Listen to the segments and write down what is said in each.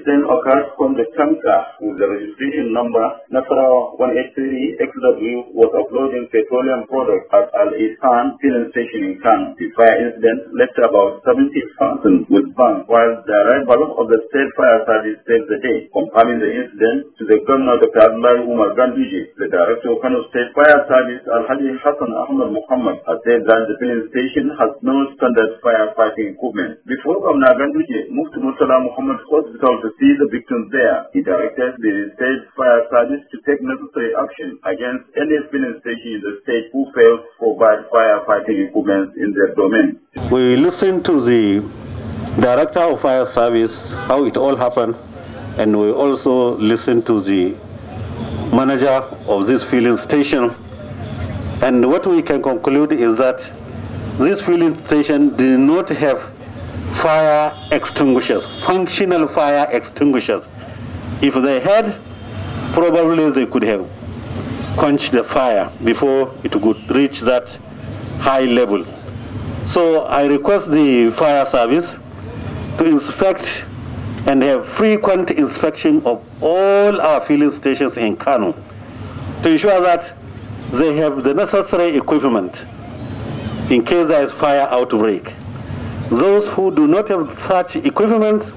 The then occurred from the tanker with the registration number Nasarawa 183 XW was uploading petroleum products at Al Isan filling station in Khan. The fire incident left about 70 persons with burns, while the arrival of the state fire service saved the day, Confirming the incident to the governor Dr. Abdullahi Umar Ganduje. The director of Kano State Fire Service, al Hadi Hassan Ahmad Muhammad, has said that the filling station has no standard firefighting equipment. Before Governor Ganduje moved to Murtala Muhammad Hospital to to see the victims there. He directed the state fire service to take necessary action against any filling station in the state who fails to provide firefighting equipment in their domain. We listened to the director of fire service, how it all happened, and we also listened to the manager of this filling station. And what we can conclude is that this filling station did not have fire extinguishers, functional fire extinguishers. If they had, probably they could have quenched the fire before it could reach that high level. So I request the fire service to inspect and have frequent inspection of all our filling stations in Kano to ensure that they have the necessary equipment in case there is fire outbreak. Those who do not have such equipment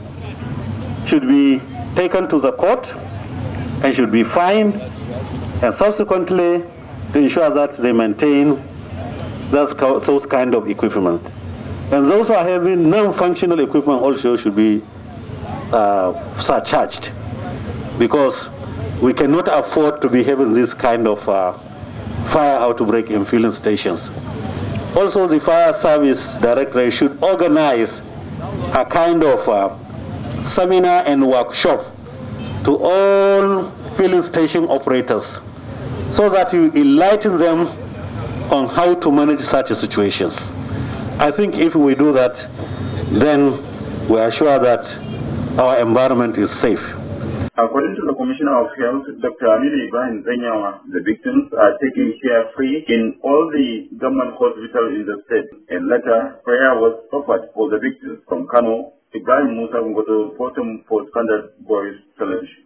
should be taken to the court and should be fined and subsequently to ensure that they maintain those, those kind of equipment. And those who are having non-functional equipment also should be uh, surcharged because we cannot afford to be having this kind of uh, fire outbreak in filling stations. Also, the fire service directorate should organize a kind of a uh, seminar and workshop to all filling station operators so that you enlighten them on how to manage such situations. I think if we do that, then we are sure that our environment is safe. According to Commissioner of Health, Dr. Aminu Ibrahim Zenyawa, the victims are taken care free in all the government hospitals in the state. A letter prayer was offered for the victims from Kano, Ibrahim Musa Ngoto, Bottom Port Standard Boys Television.